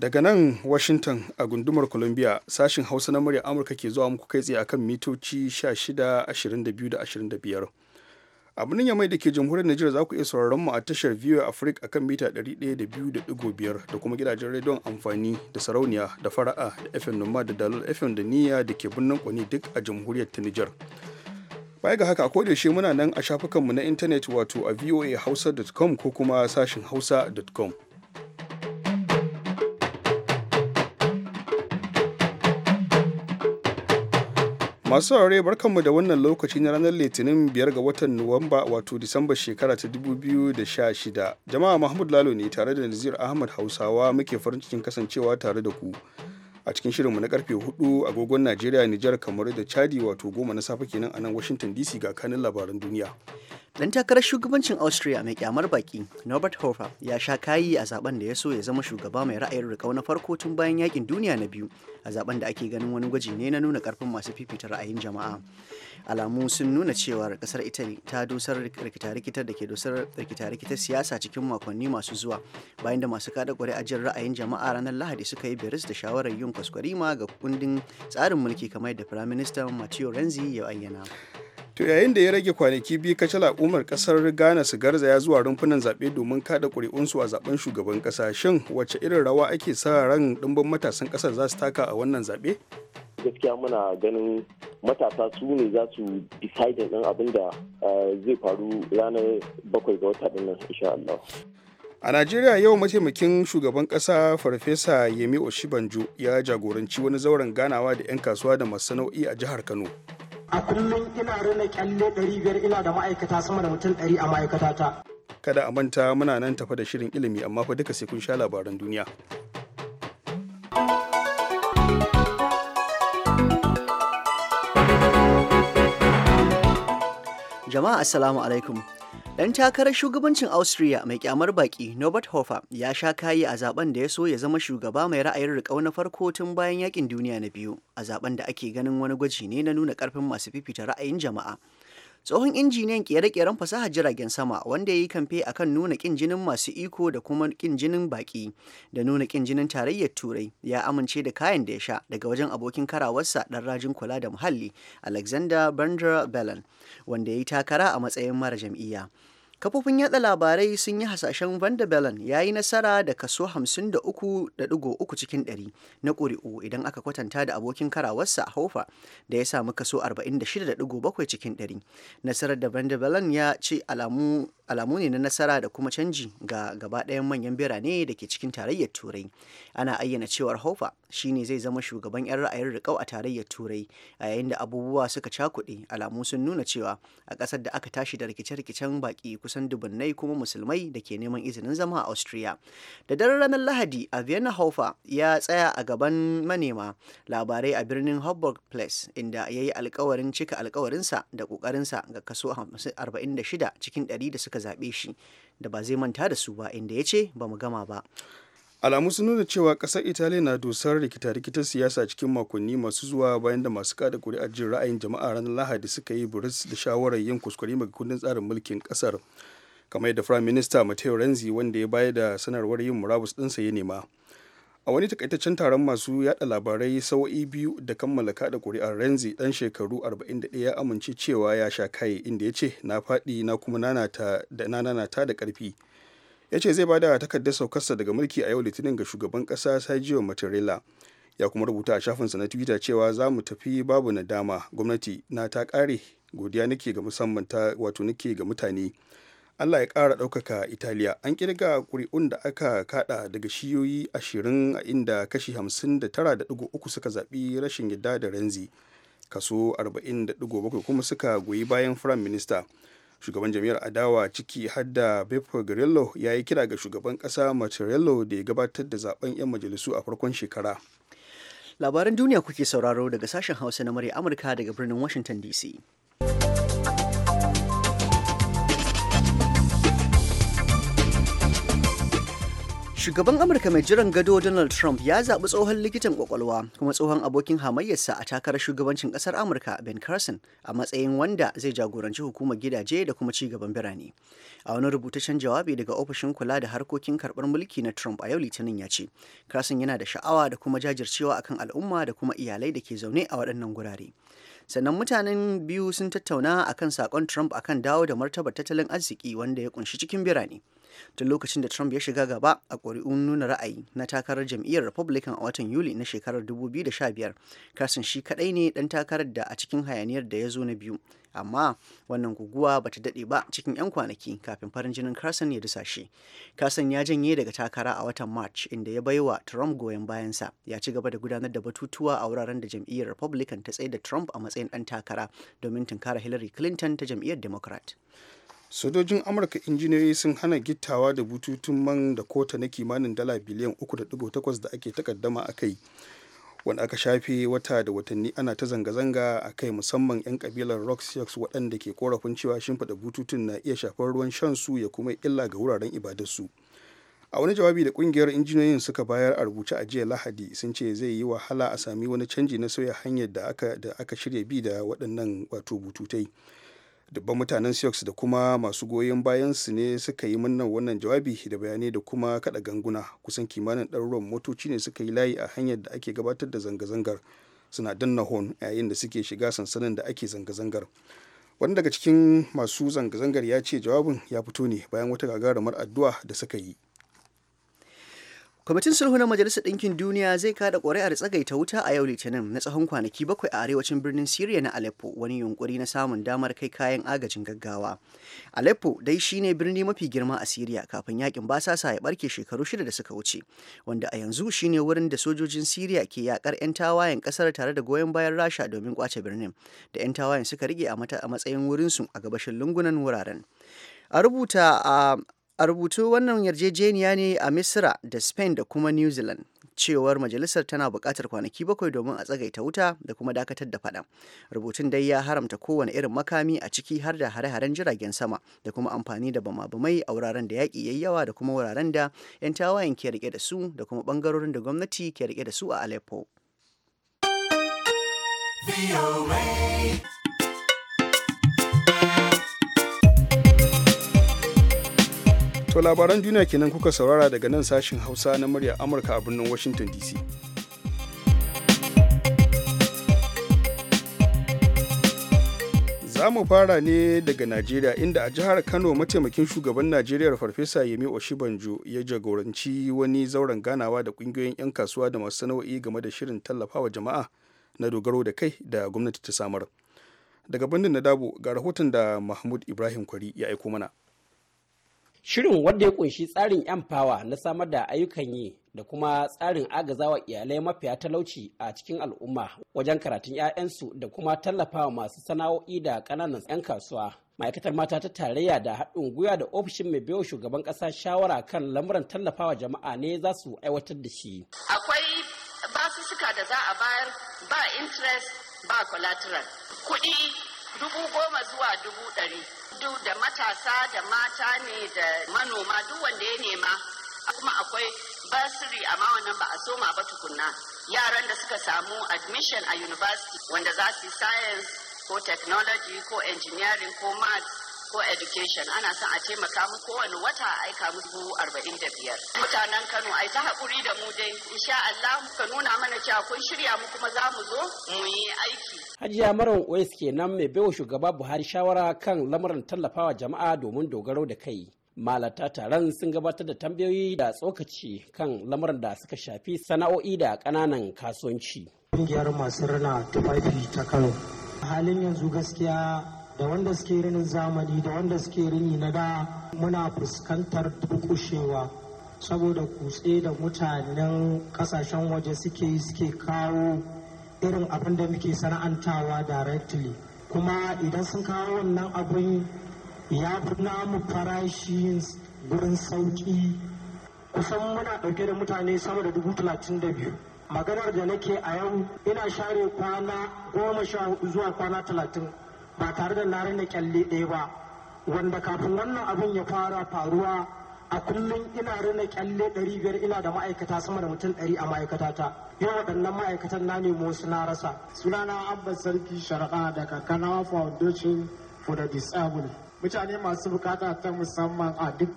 daga nan washington a gundumar columbia sashin hausa na murya amurka ke zuwa muku kai tsaye akan mitoci 16 22 da 25 a birnin yamai da ke jamhuriyar Najeriya za ku iya sauraron mu a tashar a Africa akan mita 102.5 da kuma gidajen rediyon amfani da sarauniya da fara'a da FM Noma da Dalol FM da Niyya da ke birnin Kwani duk a jamhuriyar ta Nijar. Baya ga haka ko da muna nan a shafukanmu na intanet wato a voa hausa.com ko kuma sashin hausa.com. masu saurare barkanmu da wannan lokaci na ranar litinin biyar ga watan nuwamba wato disamba shekara ta 2016 jama'a mahmud lalo ne tare da nazir ahmad hausawa muke farin cikin kasancewa tare da ku a cikin shirinmu na karfe 4 agogon najeriya nijar kamar da chadi wato goma na safe kenan a nan washington dc ga kanin labaran duniya Dan takarar shugabancin Austria mai kyamar baki Norbert Hofer ya sha kayi a zaben da ya so ya zama shugaba mai ra'ayin rikau na farko tun bayan yakin duniya na biyu a zaben da ake ganin wani gwaji ne na nuna karfin masu fifita ra'ayin jama'a. Alamu sun nuna cewa kasar Italy ta dosar rikita-rikitar da ke dosar rikita-rikitar siyasa cikin makonni masu zuwa bayan da masu kada a jin ra'ayin jama'a ranar Lahadi suka yi biris da shawarar yin kwaskwarima ga kundin tsarin mulki kamar da Firaministan Matteo Renzi ya ayyana. to yayin da ya rage kwanaki biyu kacal al'ummar kasar ghana su garzaya zuwa rumfunan zaɓe domin kada su a zaben shugaban ƙasa shin wace irin rawa ake sa ran ɗumbin matasan ƙasar za su taka a wannan zaɓe gaskiya muna ganin matasa su ne za su decide ɗin abin da eh, zai faru ranar bakwai ga wata ɗin nan insha Allah. A Najeriya yau mataimakin shugaban ƙasa Farfesa Yemi Oshibanjo ya jagoranci wani zauren ganawa da 'yan kasuwa da masana'o'i a jihar Kano. a kullum ina rina kyalle 500 ina da ma'aikata sama da mutum 100 a ma'aikata ta kada a manta muna nan tafa da shirin ilimi amma fa duka sai kun sha labaran duniya jama'a assalamu alaikum Dan takarar shugabancin Austria mai kyamar baki Norbert Hofer ya sha kayi a zaben da ya so ya zama shugaba mai ra'ayin riƙau na farko tun bayan yakin duniya na biyu a zaben da ake ganin wani gwaji ne na nuna karfin masu fifita ra'ayin jama'a. Tsohon injiniyan ƙere keren fasahar jiragen sama wanda ya yi kamfe akan nuna kin jinin masu iko da kuma kin jinin baki da nuna ƙin jinin tarayyar turai ya amince da kayan da ya sha daga wajen abokin karawarsa ɗan rajin kula da muhalli Alexander Bender Bellen wanda ya yi takara a matsayin mara jam'iyya. kafofin yada labarai sun yi hasashen van der ya yi nasara da kaso 53.3 cikin 100 na ƙuri'u idan aka kwatanta da abokin karawarsa a haufa da ya samu kaso 46.7 cikin 100 nasarar da van der ya ce alamu ne na nasara da kuma canji ga gaba ɗayan manyan birane da ke cikin tarayyar turai ana ayyana cewar hofa ne zai zama shugaban 'yan ra'ayin riƙau a tarayyar turai a yayin da abubuwa suka cakuɗe alamu sun nuna cewa a ƙasar da aka tashi da rikice-rikicen baƙi kusan dubunnai kuma musulmai da ke neman izinin zama a austria da daren ranar lahadi a vienna hofer ya tsaya a gaban manema labarai a birnin hamburg place inda ya yi alkawarin cika alkawarinsa da kokarinsa ga kaso 46 cikin 100 da suka zaɓe shi da ba zai manta da su ba inda ya ce ba mu gama ba alamu sun nuna cewa ƙasar italiya na dusar rikita-rikitar siyasa cikin makonni masu zuwa bayan da masu kada kuri'ar jin ra'ayin jama'a ranar lahadi suka yi buris da shawarar yin kuskure ga kundin tsarin mulkin ƙasar kamar yadda prime minista matteo renzi wanda ya bayar da sanarwar yin murabus ɗinsa ya nema a wani takaitaccen taron masu yada labarai sawa'i biyu da kammala kada kuri'ar renzi dan shekaru arba'in 41 ya amince cewa ya sha kai inda ya ce na faɗi na kuma nanata da nanata da ƙarfi ya ce zai bada takardar saukarsa daga mulki a yau litinin ga shugaban kasa Sergio Mattarella ya kuma rubuta a shafinsa na Twitter cewa za mu tafi babu nadama gwamnati na ta kare godiya nake ga musamman ta wato nake ga mutane Allah ya kara ɗaukaka Italiya an kirga kuri'un da aka kada daga shiyoyi ashirin a inda kashi uku suka zaɓi rashin yadda da ranzi kaso bakwai kuma suka goyi bayan Firayim Minista. shugaban jami'ar adawa ciki hadda bepo grillo ya yi kira ga shugaban kasa matarello da ya gabatar da zaben 'yan majalisu a farkon shekara labaran duniya kuke sauraro daga sashen hausa na murya amurka daga birnin washington dc Shugaban Amurka mai jiran gado Donald Trump ya zaɓi tsohon likitan kwakwalwa kuma tsohon abokin hamayyarsa a takarar shugabancin ƙasar Amurka Ben Carson a matsayin wanda zai jagoranci hukumar gidaje da kuma ci gaban birane. A wani rubutaccen jawabi daga ofishin kula da harkokin karɓar mulki na Trump a yau Litinin ya ce, Carson yana da sha'awa da kuma jajircewa akan al'umma da kuma iyalai da ke zaune a waɗannan gurare. sannan mutanen biyu sun tattauna akan sakon Trump akan dawo da martabar tattalin arziki wanda ya kunshi cikin birane. tun lokacin da trump ya shiga gaba a ƙuri'un nuna ra'ayi na takarar jam'iyyar republican a watan yuli na shekarar 2015 kasan shi kaɗai ne dan takarar da a cikin hayaniyar da ya zo na biyu amma wannan guguwa ba ta daɗe ba cikin 'yan kwanaki kafin farin jinin carson ya dusa shi carson ya janye daga takara a watan march inda ya baiwa trump goyon bayansa ya ci gaba da gudanar da batutuwa a wuraren da jam'iyyar republican ta tsaye da trump a matsayin ɗan takara domin tunkara hillary clinton ta jam'iyyar democrat sojojin amurka injiniyoyi sun hana gittawa da bututun man da kota na kimanin dala biliyan 3.8 da ake takaddama a kai wanda aka shafe wata da watanni ana ta zanga-zanga a kai musamman 'yan kabilar rock sex waɗanda ke korafin cewa shimfiɗa bututun na iya shafar ruwan shan su ya kuma illa ga wuraren ibadarsu a wani jawabi da kungiyar injiniyoyin suka bayar a rubuce a jiya lahadi sun ce zai yi wahala a sami wani canji na sauya hanyar da aka, da aka shirya bi da waɗannan wato bututai dubban mutanen sioux da kuma masu goyon bayan su ne suka yi murnar wannan jawabi da bayanai da kuma kada ganguna kusan kimanin ɗaruruwan motoci ne suka yi layi a hanyar da ake gabatar da zanga-zangar suna danna hon yayin da suke shiga sansanin da ake zanga-zangar wani daga cikin masu zanga-zangar ya ce jawabin ya fito ne bayan wata gagarumar addu'a da suka yi kwamitin sulhu na majalisar ɗinkin duniya zai kada ƙuri'ar tsagaita wuta a yau litinin na tsawon kwanaki bakwai a arewacin birnin siriya na aleppo wani yunkuri na samun damar kai kayan agajin gaggawa aleppo dai shine birni mafi girma a siriya kafin yakin basasa ya barke shekaru shida da suka wuce wanda a yanzu shine wurin da sojojin siriya ke yakar 'yan tawayen kasar tare da goyon bayan rasha domin kwace birnin da 'yan tawayen suka rike a matsayin wurinsu a gabashin lungunan wuraren a rubuta a a rubutu wannan yarjejeniya ne a Misira, da spain da kuma new zealand cewar majalisar tana buƙatar kwanaki bakwai domin a tsagaita wuta da kuma dakatar da faɗa rubutun dai ya haramta kowane irin makami a ciki har da hare-haren jiragen sama da kuma amfani da bama-bamai a wuraren da yaƙi ya yawa da kuma wuraren da 'yan tawayen ke rike da su da kuma ɓangarorin da gwamnati ke rike da su a aleppo To labaran duniya kenan kuka saurara daga nan sashin Hausa na murya Amurka a birnin Washington DC. za mu fara ne daga najeriya inda a jihar kano mataimakin shugaban najeriya farfesa yemi oshibanjo ya jagoranci wani zauren ganawa da kungiyoyin 'yan kasuwa da masu sana'o'i game da shirin tallafawa jama'a na dogaro da kai da gwamnati ta samar daga bandin na dabo ga rahoton da mahmud ibrahim kwari ya aiko mana Shirin wanda ya kunshi tsarin 'yan fawa na samar da ayyukan yi da kuma tsarin agazawa iyalai mafiya talauci a cikin al'umma wajen karatun 'ya'yansu da kuma tallafawa masu sana'o'i da ƙananan 'yan kasuwa. Ma'aikatar mata ta tarayya da haɗin gwiwa da ofishin mai biyo shugaban ƙasa shawara kan lamuran tallafawa jama'a ne za su aiwatar da shi. Akwai basussuka da za a bayar ba interest ba collateral. Kuɗi dubu goma zuwa dubu ɗari duk da matasa da mata ne da manoma duk wanda ya nema kuma akwai basiri amma wannan ba a soma ba tukunna yaran da suka samu admission a university wanda za su yi science ko technology ko engineering ko maths ko education ana son a taimaka mu kowane wata a aika mu dubu arba'in da biyar mutanen kano ai ta haƙuri da mu dai insha allah ka nuna mana cewa kun shirya mu kuma za mu zo mu yi aiki hajiya maran ois kenan mai baiwa shugaba buhari shawara kan lamarin tallafawa jama'a domin dogaro da kai malata taron sun gabatar da tambayoyi da tsokaci kan lamarin da suka shafi sana'o'i da ƙananan kasuwanci. Ƙungiyar masu rana tufafi ta Kano. Halin yanzu gaskiya da wanda suke rinin zamani da wanda suke rini na da muna fuskantar dukushewa saboda kutse da mutanen kasashen waje suke yi suke kawo irin abin da muke sana'antawa directly kuma idan sun kawo wannan abin ya fi namu farashi gurin sauki. kusan muna ɗauke da mutane sama da dubu talatin da biyu maganar da nake a yau ina share kwana goma sha hudu zuwa kwana talatin ba tare da na rina kyalle ɗaya ba wanda kafin wannan abin ya fara faruwa a kullum ina rina kyalle ɗari biyar ina da ma'aikata sama da mutum ɗari a ma'aikatata yau waɗannan ma'aikatan na nemo su na rasa sunana abba sarki shari'a daga kanawa foundation for the disabled mutane masu bukata ta musamman a duk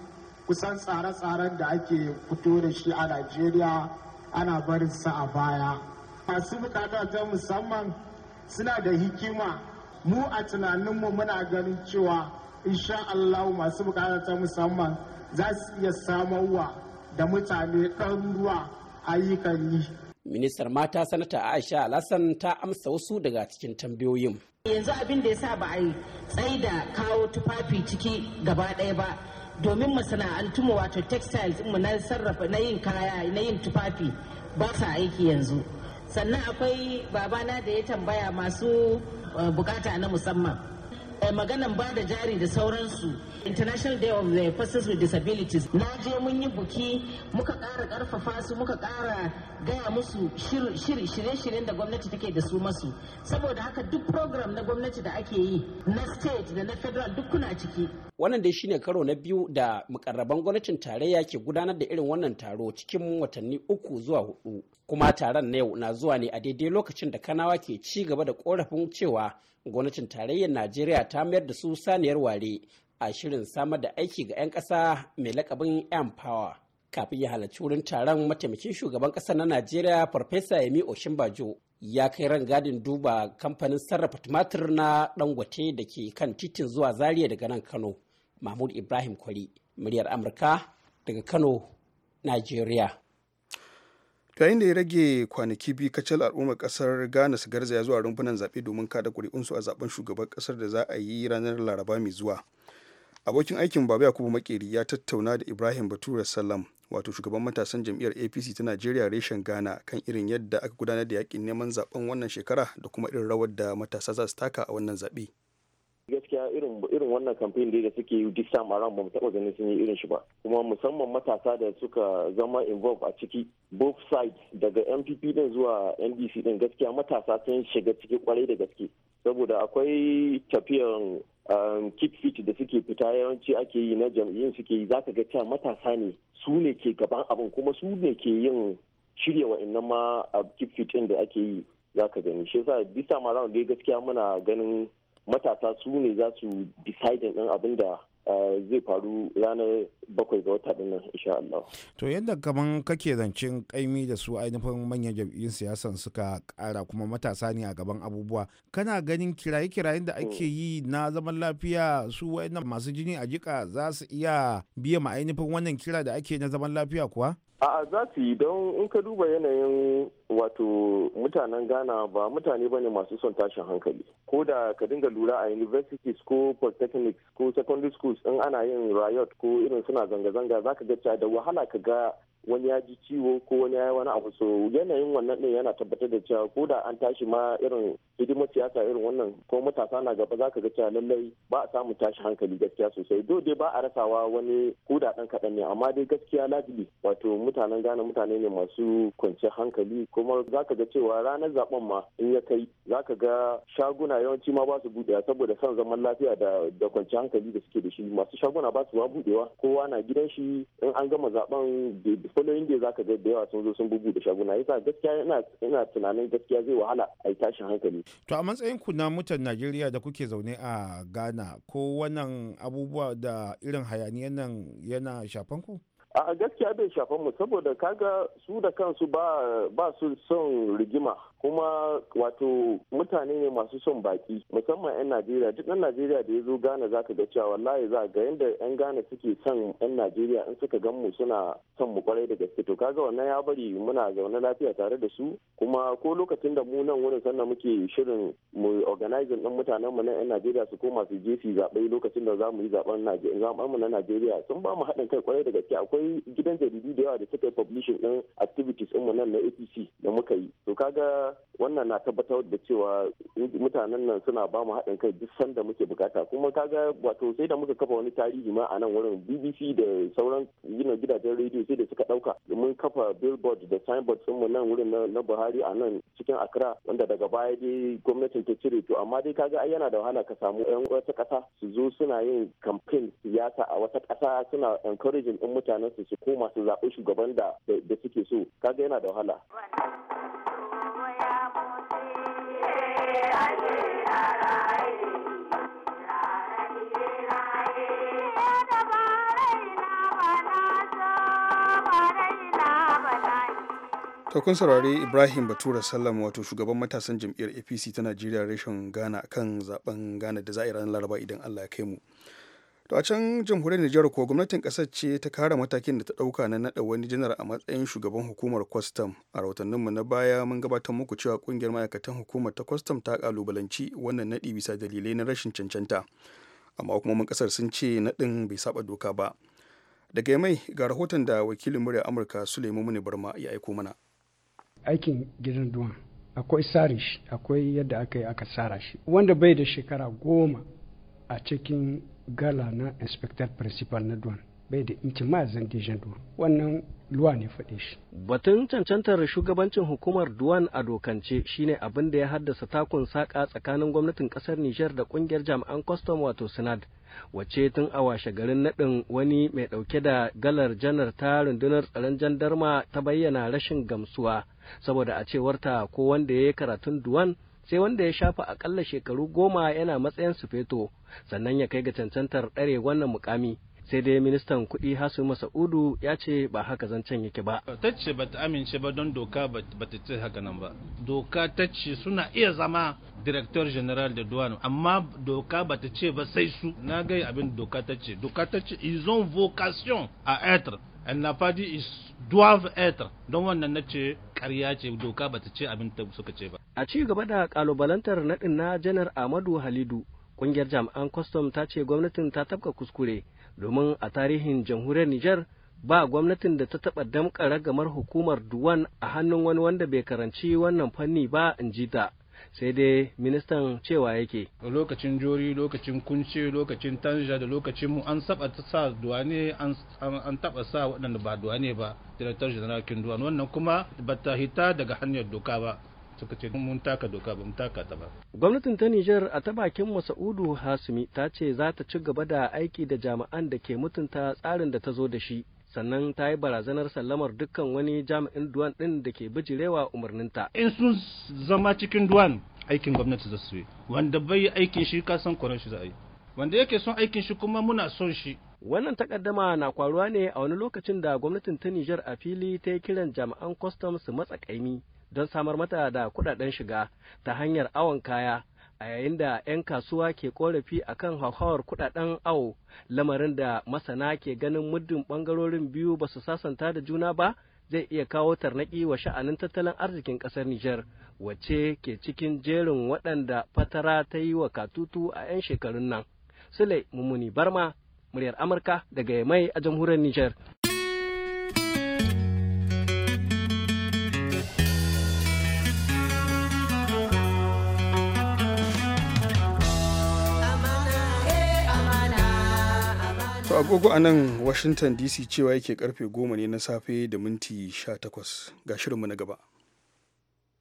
kusan tsare-tsaren da ake fito da shi a najeriya ana barin sa a baya masu bukata ta musamman suna da hikima mu a tunaninmu muna ganin cewa insha Allah masu bukata musamman za su iya samarwa da mutane ɗaruruwa ayyukan yi. Ministar mata sanata Aisha Alassan ta amsa wasu daga cikin tambayoyin. Yanzu abin da ya sa ba a yi da kawo tufafi ciki gaba ɗaya ba domin masana'antu mu wato textiles mu na sarrafa na yin kaya na yin tufafi ba sa aiki yanzu. Sannan akwai babana da ya tambaya masu bukata na musamman Eh, maganan ba da jari da sauransu international day of the persons with disabilities na je mun yi buki muka ƙara ƙarfafa su muka ƙara gaya musu shirye-shiryen da gwamnati take da su masu saboda haka duk program na gwamnati da ake yi na state da na federal duk kuna ciki wannan dai shine karo na biyu da mukarraban gwamnatin tarayya ke gudanar da irin wannan taro cikin watanni uku zuwa hudu kuma taron na yau na zuwa ne a daidai lokacin da kanawa ke ci gaba da korafin cewa gwamnatin tarayyar najeriya ta mayar da su saniyar ware a shirin samar da aiki ga 'yan ƙasa mai lakabin 'yan empower kafin ya halarci wurin taron mataimakin shugaban ƙasa na najeriya farfesa yemi oshimbajo ya kai rangadin duba kamfanin sarrafa tumatir na dangote da ke kan titin zuwa zaria daga nan kano mahmud ibrahim kwari muryar amurka daga kano najeriya yayin da ya rage kwanaki biyu kacal al'ummar kasar ghana su garzaya zuwa rumfunan zaɓe domin kada ƙuri'unsu a zaben shugaban kasar da za a yi ranar laraba mai zuwa abokin aikin babu yakubu makeri ya tattauna da ibrahim bature salam wato shugaban matasan jam'iyyar apc ta najeriya reshen ghana kan irin yadda aka gudanar da yakin neman zaben wannan shekara da kuma irin rawar da matasa za su taka a wannan zaɓe gaskiya irin wannan kamfen da suke yi duk time around ba mu taɓa ganin sun yi irin shi ba kuma musamman matasa da suka zama involved a ciki both sides daga MPP din zuwa NDC din gaskiya matasa sun shiga ciki kwarai da gaske saboda akwai tafiyan um, fit da suke fita yawanci ake yi na jam'iyyun suke yi zaka ga cewa matasa ne su ne ke gaban abin kuma su ne ke yin shirya wa'annan ma uh, keep fit din da ake yi zaka gani shi yasa bisa ma dai gaskiya muna ganin matasa su ne za su decide ɗin abin da eh, zai faru ranar bakwai ga wata ɗin nan insha Allah. To yadda kamar kake zancen kaimi da su ainihin manyan jam'iyyun siyasan suka kara kuma matasa ne a gaban abubuwa. Kana ganin kiraye-kirayen da hmm. ake yi na zaman lafiya su wayannan masu jini a jika za su iya biya ma ainihin wannan kira da ake na zaman lafiya kuwa? a'a za su yi don in ka duba yanayin wato mutanen ghana ba mutane ba ne masu son tashin hankali ko da ka dinga lura a universities ko polytechnics ko secondary schools in ana yin riot ko irin suna zanga-zanga za ka ga da wahala ka ga wani ya ji ciwo ko wani ya yi wani abu so yanayin wannan ne yana tabbatar da cewa ko da an tashi ma irin hidimar siyasa irin wannan ko matasa na gaba za ka ga cewa lallai ba a samu tashi hankali gaskiya sosai do dai ba a rasawa wani ko da dan kaɗan ne amma dai gaskiya lajili wato mutanen gane mutane ne masu kwanciyar hankali kuma ka ga cewa ranar zaben ma in ya kai za ka ga shaguna yawanci ma ba su buɗewa saboda son zaman lafiya da da kwanciyar hankali da suke da shi masu shaguna ba su ma buɗewa kowa na gidan shi in an gama zaben following za ka ga da yawa sun zo sun bugu da shaguna yasa gaskiya yana tunanin gaskiya zai wahala a yi tashin hankali to a matsayin ku na mutan Najeriya da kuke zaune a Ghana ko wannan abubuwa da irin hayaniyan nan yana shafan ku a gaskiya bai shafan mu saboda kaga su da kansu ba su son rigima kuma wato mutane ne masu son baki musamman 'yan najeriya duk 'yan najeriya da ya zo ghana za ka ga cewa wallahi za ga yadda 'yan ghana suke son 'yan najeriya in suka gan mu suna son mu kwarai da gaske to kaga wannan ya bari muna zaune lafiya tare da su kuma ko lokacin da mu nan wurin sannan muke shirin mu organizing din mutanen mu na 'yan najeriya su koma su je su zaɓe lokacin da za mu yi zaɓen mu na najeriya sun ba mu haɗin kai kwarai da gaske akwai gidan jaridu da yawa da suka yi publishing din activities din mu nan na apc da muka yi to kaga wannan na tabbatar da cewa mutanen nan suna ba mu haɗin kai duk sanda muke bukata kuma kaga wato sai da muka kafa wani tarihi ma a nan wurin bbc da sauran yinan gidajen rediyo sai da suka ɗauka mun kafa billboard da signboard sun mu nan wurin na buhari a nan cikin accra wanda daga baya dai gwamnatin ta cire to amma dai kaga ai yana da wahala ka samu yan wata ƙasa su zo suna yin campaign siyasa a wata ƙasa suna encouraging ɗin mutanen su su koma su zaɓi shugaban da suke so kaga yana da wahala. to kun saurari ibrahim batura sallam wato shugaban matasan jam'iyyar apc ta najeriya reshen ghana kan zaben ghana da za a yi ranar laraba idan allah ya kai mu to a can jamhuriyar nijar ko gwamnatin kasar ce ta kara matakin da ta dauka na nada wani janar a matsayin shugaban hukumar kwastam a rahotanninmu na baya mun gabatar muku cewa kungiyar ma'aikatan hukumar ta kwastam ta kalubalanci wannan nadi bisa dalilai na rashin cancanta amma kuma mun kasar sun ce nadin bai saba doka ba daga mai ga rahoton da wakilin murya amurka suleiman muni barma ya aiko mana aikin gidan duwan akwai sare shi akwai yadda aka yi aka tsara shi wanda bai da shekara goma a cikin gala na inspector principal na duwan bai da inci ma zandejan duwan wannan luwa ne faɗe shi. Batun cancantar shugabancin hukumar Duwan a dokance shine abin da ya haddasa takun saƙa tsakanin gwamnatin ƙasar niger da ƙungiyar jami'an kwastam wato Sinad. Wace tun a washe garin naɗin wani mai ɗauke da galar janar ta rundunar tsaron jandarma ta bayyana rashin gamsuwa saboda a cewarta ko wanda ya yi karatun Duwan sai wanda ya shafa akalla shekaru goma yana matsayin su feto sannan ya kai ga cancantar ɗare wannan mukami sai dai ministan kuɗi hasu masa'udu ya ce ba haka zancen yake ba ta ce ba ta amince ba don doka ba ta ce haka nan ba doka ta ce suna iya zama director general da duwano amma doka ba ta ce ba sai su na gai abin doka ta ce doka ta ce ils ont vocation à être elle n'a fadi is ils don wannan na ce ƙarya ce doka bata ce abin ta suka ce ba a ci gaba da kalubalantar naɗin na janar amadu halidu ƙungiyar jami'an kwastam ta ce gwamnatin ta tabka kuskure domin a tarihin jamhuriyar nijar ba gwamnatin da ta taɓa damƙa ragamar hukumar duwan a hannun wani wanda bai karanci wannan fanni ba in ji ta sai dai ministan cewa yake lokacin jori lokacin kunce lokacin tanja da lokacin mu an saba sa ne an taba sa waɗanda ba ne ba director general kinduwan wannan kuma bata hita daga hanyar doka ba suka ce mun taka doka ba mun taka ta ba. Gwamnatin ta Nijar a ta bakin Masa'udu Hasumi ta ce za ta ci gaba da aiki da jami'an da ke mutunta tsarin da ta zo da shi sannan ta yi barazanar sallamar dukkan wani jami'in duwan ɗin da ke bijirewa umarninta. In sun zama cikin duwan aikin gwamnati za su yi, wanda bai aikin shi san kwaron shi za a yi, wanda yake son aikin shi kuma muna son shi. Wannan takaddama na kwaruwa ne a wani lokacin da gwamnatin ta Nijar a fili ta yi kiran jami'an kwastam su matsa kaimi don samar mata da kuɗaɗen shiga ta hanyar awon kaya a yayin da 'yan kasuwa ke korafi a kan hauhawar kudaden awo lamarin da masana ke ganin muddin bangarorin biyu ba su sasanta da juna ba zai iya kawo tarnaki wa sha'anin tattalin arzikin ƙasar Nijar wacce ke cikin jerin waɗanda fatara ta yi wa katutu a 'yan shekarun nan. Sule Mummuni Barma, muryar Amurka daga Yamai a jamhuriyar Nijar. agogo a nan washington dc cewa yake karfe goma ne na safe da minti 18 ga shirinmu na gaba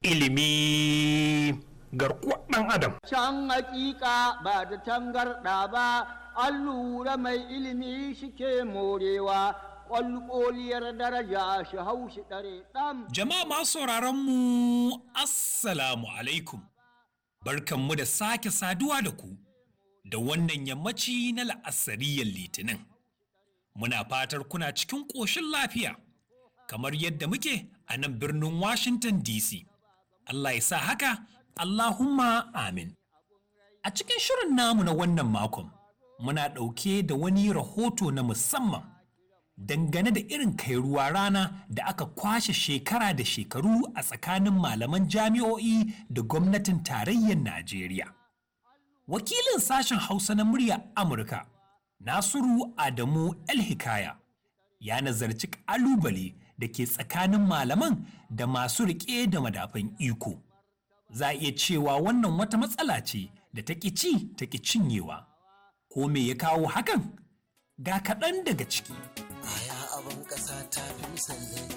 ilimi garkuwar dan adam can hakika ba da tangarɗa ba allura mai ilimi shike morewa kwalkoliyar daraja shi hau shi ɗare ɗan. Jama'a masu sauraron mu Assalamu alaikum. Barkanmu da sake saduwa da ku da wannan yammaci na la'asariyar Litinin. Muna fatar kuna cikin ƙoshin lafiya, kamar yadda muke a nan birnin Washington DC. Allah ya sa haka, Allahumma amin. A cikin shirin namu na wannan makon, muna ɗauke da wani rahoto na musamman dangane da irin kai ruwa rana da aka kwashe shekara da shekaru a tsakanin malaman jami'o'i da gwamnatin tarayyar Najeriya. Wakilin sashen Hausa na murya Amurka, Nasiru Adamu el ya nazarci ƙalubale da ke tsakanin malaman da masu riƙe da madafan iko. Za a iya cewa wannan wata matsala ce da ta ƙici ta cinyewa. Ko me ya kawo hakan? Ga kaɗan daga ciki. abin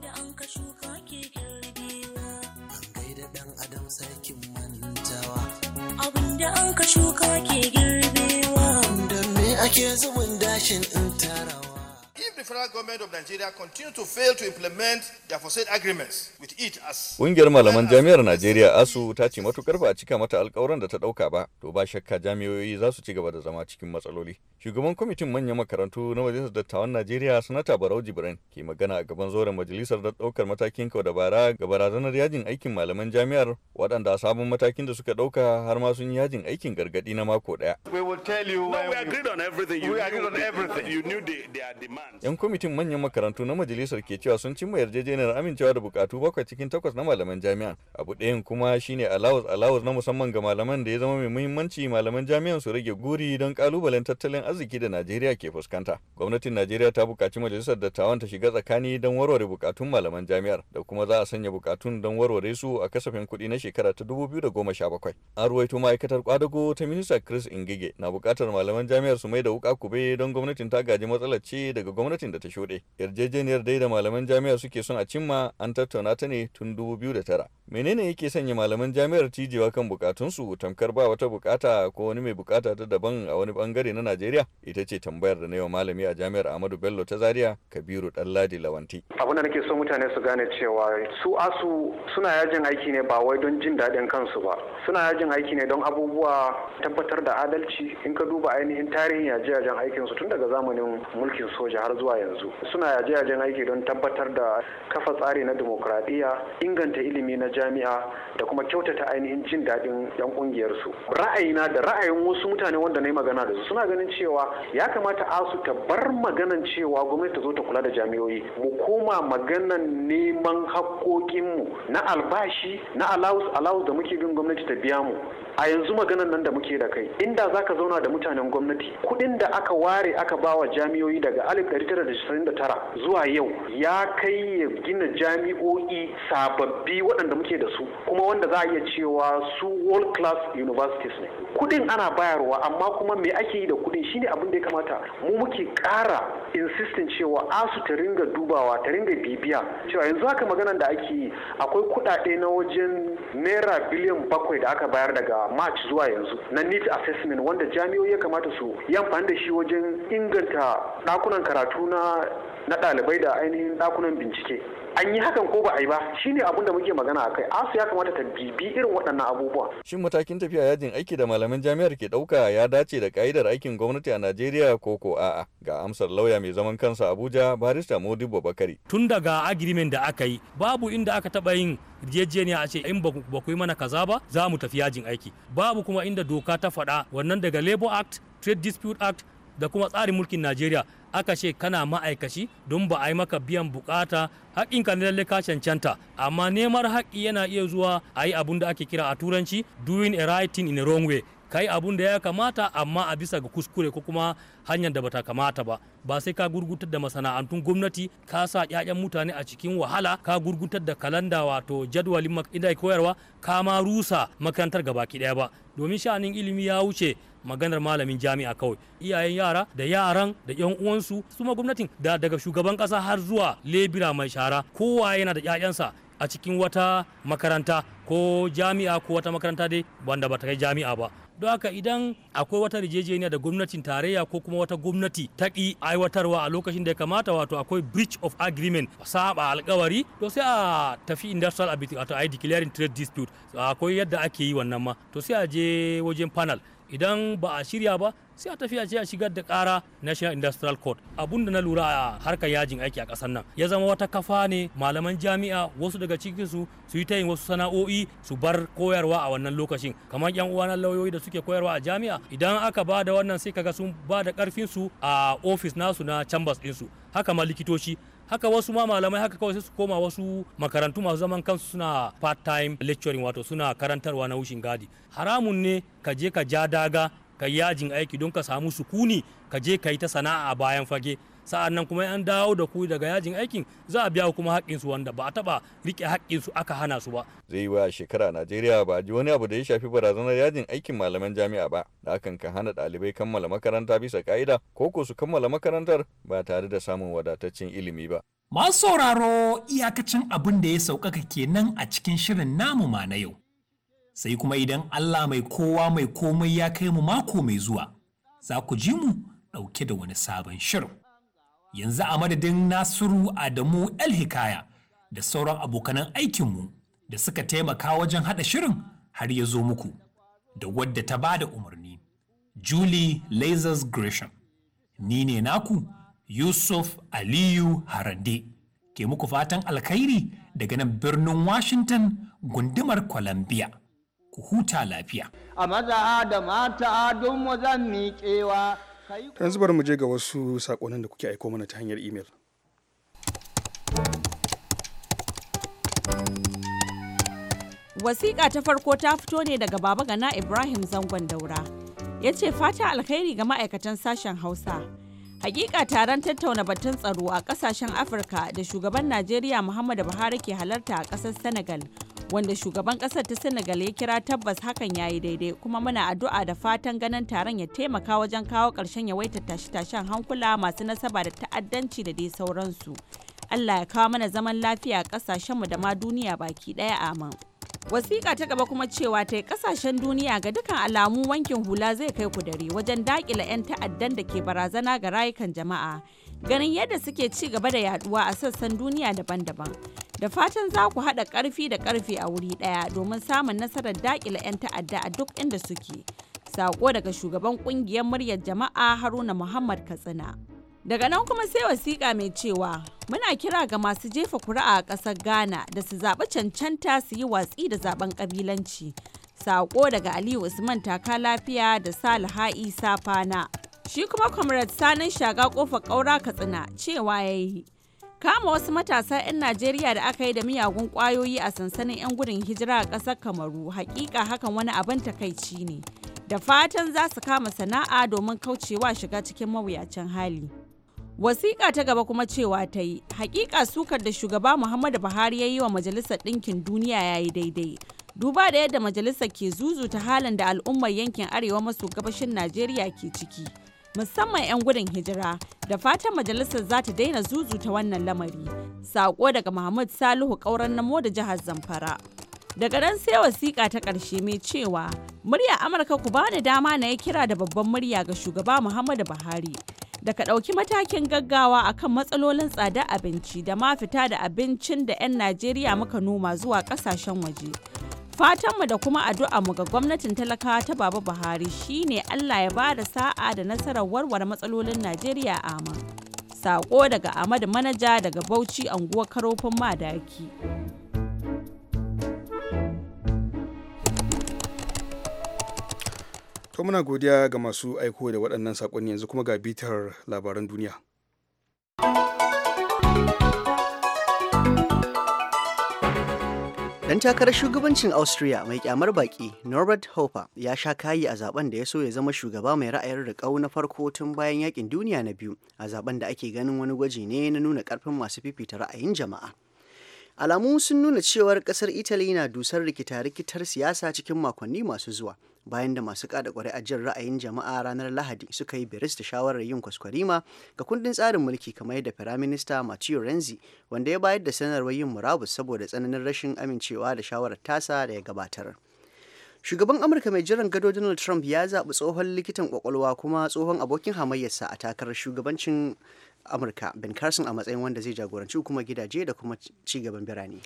da an shuka ke ɗan adam Abin da an ka shuka ke fashion her. federal government of Nigeria continue to fail to implement agreements with it as Ƙungiyar malaman jami'ar Najeriya ASU ta ce matukar ba a cika mata alƙawuran da ta ɗauka ba, to ba shakka jami'oyi za su ci gaba da zama cikin matsaloli. Shugaban kwamitin manyan makarantu na Majalisar Dattawan Najeriya Sanata Barau Jibran ke magana a gaban zoren majalisar da ɗaukar matakin kau da bara ga barazanar yajin aikin malaman jami'ar waɗanda sabon matakin da suka ɗauka har ma sun yi yajin aikin gargadi na mako daya. kwamitin manyan makarantu na majalisar ke cewa sun cimma yarjejeniyar amincewa da bukatu bakwai cikin takwas na malaman jami'a. abu ɗayan kuma shine alawus alawus na musamman ga malaman da ya zama mai muhimmanci malaman jami'an su rage guri don kalubalen tattalin arziki da najeriya ke fuskanta gwamnatin najeriya ta bukaci majalisar dattawan ta shiga tsakani don warware bukatun malaman jami'ar da kuma za a sanya bukatun don warware su a kasafin kuɗi na shekara ta dubu biyu da goma sha bakwai an ruwaito ma'aikatar kwadago ta minista chris ingige na bukatar malaman jami'ar su mai da wuka kube don gwamnatin ta gaji matsalar ce daga gwamnatin gwamnatin da ta shuɗe yarjejeniyar dai da malaman jami'a suke son a cimma an tattauna ta ne tun da 2009 menene yake sanya malaman jami'ar cijewa kan bukatunsu tamkar ba wata bukata ko wani mai bukata ta daban a wani bangare na najeriya ita ce tambayar da na yau malami a jami'ar ahmadu bello ta zaria kabiru danladi lawanti abin da nake so mutane su gane cewa su asu suna yajin aiki ne ba wai don jin daɗin kansu ba suna yajin aiki ne don abubuwa tabbatar da adalci in ka duba ainihin tarihin yaje yajen aikinsu tun daga zamanin mulkin soja har zuwa yanzu suna yaje-yajen aiki don tabbatar da kafa tsari na dimokuraɗiyya inganta ilimi na jami'a da kuma kyautata ainihin jin daɗin 'yan ƙungiyarsu ra'ayina da ra'ayin wasu mutane wanda na yi magana da su suna ganin cewa ya kamata asu ta bar maganan cewa gwamnati ta zo ta kula da jami'oyi mu koma maganan neman haƙƙoƙinmu na albashi na alawus da muke bin gwamnati ta biya mu a yanzu maganan nan da muke da kai inda zaka zauna da mutanen gwamnati kuɗin da aka ware aka bawa jami'oyi daga alif 1999 zuwa yau ya kai ya gina jami'o'i sababbi waɗanda muke da su kuma wanda za a iya cewa su world class universities ne kudin ana bayarwa amma kuma me ake yi da kudin shine abin da ya kamata mu muke ƙara insistin cewa asu ta ringa dubawa ta ringa bibiya cewa yanzu haka maganan da ake yi akwai kuɗaɗe na wajen naira biliyan bakwai da aka bayar daga march zuwa yanzu na need assessment wanda jami'o'i ya kamata su yi amfani da shi wajen inganta ɗakunan karatu suna na ɗalibai da ainihin ɗakunan bincike an yi hakan ko ba a yi ba shine abin da muke magana a kai asu ya kamata ta bibi irin waɗannan abubuwa shin matakin tafiya yajin aiki da malaman jami'ar ke ɗauka ya dace da ka'idar aikin gwamnati a najeriya ko ko a'a ga amsar lauya mai zaman kansa abuja barista modibo bakari tun daga agreement da aka yi babu inda aka taba yin yarjejeniya a ce in ba ku yi mana kaza ba za mu tafi yajin aiki babu kuma inda doka ta faɗa wannan daga labor act trade dispute act da kuma tsarin mulkin najeriya aka ce kana ma'aikaci don ba a yi maka biyan bukata haƙinka ne lalle ka cancanta amma neman haƙƙi yana iya zuwa a yi abun da ake kira a turanci doing a right thing in a wrong way kai abun da ya kamata amma a bisa ga kuskure ko kuma hanyar da bata kamata ba ba sai ka gurgutar da masana'antun gwamnati ka sa ƴaƴan mutane a cikin wahala ka gurgutar da kalanda wato jadwalin inda koyarwa ka ma rusa makarantar gabaki ɗaya ba domin sha'anin ilimi ya wuce maganar malamin jami'a kawai iyayen yara da yaran da yan uwansu su ma gwamnatin da daga shugaban kasa har zuwa lebira mai shara kowa yana da 'ya'yansa a cikin wata makaranta ko jami'a ko wata makaranta dai wanda ba ta kai jami'a ba don haka idan akwai wata rijejeniya da gwamnatin tarayya ko kuma wata gwamnati ta ƙi aiwatarwa a lokacin da ya kamata wato akwai breach of agreement saba alkawari to sai a tafi industrial arbitration wato ai declaring trade dispute akwai yadda ake yi wannan ma to sai a je wajen panel idan ba a shirya ba sai a tafiya ce a shigar da kara national industrial court abun da na lura a harkar yajin aiki a kasar nan ya zama wata kafa ne malaman jami'a wasu daga cikinsu su yi yin wasu sana'o'i su bar koyarwa a wannan lokacin kamar yan uwa na lauyoyi da suke koyarwa a jami'a idan aka ba da wannan sai kaga sun ba da karfin su a ofis nasu na chambers din su haka ma likitoci haka wasu ma malamai haka kawai sai su koma wasu makarantu masu zaman kansu suna part time lecturing wato suna karantarwa na wushin gadi haramun ne ka je ka ja daga ka yajin aiki don ka samu sukuni ka je ka yi ta sana'a a bayan fage sa'an nan kuma an dawo da ku daga yajin aikin za a biya kuma haƙƙinsu wanda ba a taɓa riƙe haƙƙinsu aka hana su ba. zai yi wa shekara a najeriya ba a ji wani abu da ya shafi barazanar yajin aikin malaman jami'a ba da hakan ka hana ɗalibai kammala makaranta bisa ka'ida ko ko su kammala makarantar ba tare da samun wadataccen ilimi ba. masu sauraro iyakacin abin da ya sauƙaƙa kenan a cikin shirin namu ma na yau. sai kuma idan Allah mai kowa mai komai ya kai mu mako mai zuwa, za ku ji mu ɗauke da wani sabon shirin. yanzu a madadin Nasiru Adamu El Hikaya da sauran abokanan aikinmu da suka taimaka wajen haɗa shirin har ya zo muku da wadda ta ba da umarni. Julie Lazars Gresham. Ni ne naku Yusuf Aliyu Harande ke muku fatan alkhairi daga nan birnin Washington gundumar Columbia. Ku huta lafiya. A maza da mata don mu zan miƙewa. yanzu bari mu je ga wasu sakonnin da kuke aiko mana ta hanyar imel. Wasiƙa ta farko ta fito ne daga Baba Gana Ibrahim Zangon Daura. Ya ce fata alkhairi ga ma'aikatan sashen Hausa. Hakika taron tattauna batun tsaro a ƙasashen Afirka da shugaban Najeriya Muhammadu Buhari ke halarta a ƙasar Senegal wanda shugaban kasar ta senegal ya kira tabbas hakan ya yi daidai kuma muna addu'a da fatan ganin taron ya taimaka wajen kawo ƙarshen yawaitar tashe-tashen hankula masu nasaba da ta'addanci da dai sauransu allah ya kawo mana zaman lafiya a mu da ma duniya baki ɗaya amin wasiƙa ta gaba kuma cewa ta yi ƙasashen duniya ga dukkan alamu wankin hula zai kai ku dare wajen daƙila 'yan ta'addan da ke barazana ga rayukan jama'a ganin yadda suke ci gaba da yaduwa a sassan duniya daban-daban. Da fatan za ku haɗa ƙarfi da ƙarfi a wuri ɗaya domin samun nasarar daƙila 'yan ta'adda a duk inda suke. Sako daga shugaban ƙungiyar muryar jama'a Haruna Muhammad Katsina. Daga nan kuma sai wasiƙa mai cewa muna kira ga masu jefa kuri'a a ƙasar Ghana da su zaɓi cancanta su yi watsi da zaɓen ƙabilanci. Sako daga Aliyu Usman Taka Lafiya da Salha Isa Fana. Shi kuma Comrade Sanin Shaga Kofa Ƙaura Katsina cewa ya yi. Kama wasu matasa 'yan Najeriya da aka yi da miyagun ƙwayoyi a sansanin 'yan gudun hijira a ƙasar Kamaru hakika hakan wani abin takaici ne. Da fatan za su kama sana'a domin kaucewa shiga cikin mawuyacin hali. Wasiƙa ta gaba kuma cewa ta yi, hakika sukar da shugaba Muhammadu Buhari ya yi wa Majalisar Ɗinkin Duniya ya yi daidai. duba da yadda majalisar ke zuzuta halin da al'ummar yankin arewa maso gabashin najeriya ke ciki musamman 'yan gudun hijira da fatan majalisar za ta daina zuzuta wannan lamari. saƙo daga Mahmud Salihu ƙauren namo da jihar Zamfara. Daga nan sai wasiƙa ta ƙarshe mai cewa murya Amurka ku ba bani dama na ya kira da babban murya ga shugaba Muhammadu Buhari. da ka ɗauki matakin gaggawa akan matsalolin tsada abinci da ma fita da abincin da 'yan Najeriya muka noma zuwa ƙasashen waje. Fatanmu da kuma mu ga gwamnatin talakawa ta Baba Buhari shine Allah ya bada sa'a da nasarar warware matsalolin Najeriya a ma Sako daga Ahmad Manaja daga Bauchi anguwa Karofin Madaki. To muna godiya ga masu aiko da waɗannan sakonni yanzu kuma ga bitar labaran duniya. Dan takarar shugabancin Austria mai kyamar baki Norbert Hofer ya sha kayi a zaben da ya so ya zama shugaba mai ra'ayar riƙau na farko tun bayan yakin duniya na biyu a zaben da ake ganin wani gwaji ne na nuna karfin masu fifita ra'ayin jama'a. Alamu sun nuna cewar kasar Italy na dusar rikita-rikitar siyasa cikin makonni masu zuwa bayan da masu kada a jin ra'ayin jama'a ranar lahadi suka yi biris da shawarar yin kwaskwarima ga kundin tsarin mulki kamar yadda firaminista Matteo Renzi wanda ya bayar da sanarwar yin murabus saboda tsananin rashin amincewa da shawarar tasa da ya gabatar. Shugaban Amurka mai jiran gado Donald Trump ya zaɓi tsohon likitan kwakwalwa kuma tsohon abokin hamayyarsa a takarar shugabancin Amurka Ben Carson a matsayin wanda zai jagoranci kuma gidaje da kuma cigaban birane.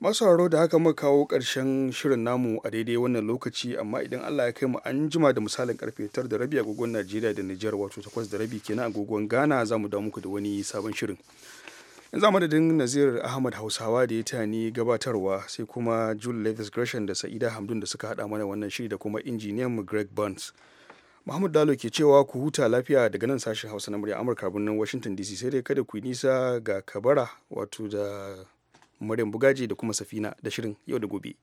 masu da haka muka kawo ƙarshen shirin namu a daidai wannan lokaci amma idan allah ya kai mu an jima da misalin karfe tar da rabi agogon najeriya da nijar wato takwas da rabi kenan agogon ghana za mu da muku da wani sabon shirin yanzu a madadin nazir ahmad hausawa da ya ta ni gabatarwa sai kuma jule levis gresham da sa'ida hamdun da suka haɗa mana wannan shiri da kuma injiniyan greg burns Mahmud Dalo ke cewa ku huta lafiya daga nan sashen Hausa na murya Amurka birnin Washington DC sai dai kada ku yi nisa ga kabara wato da Maryam Bugaji da kuma Safina da shirin yau da gobe.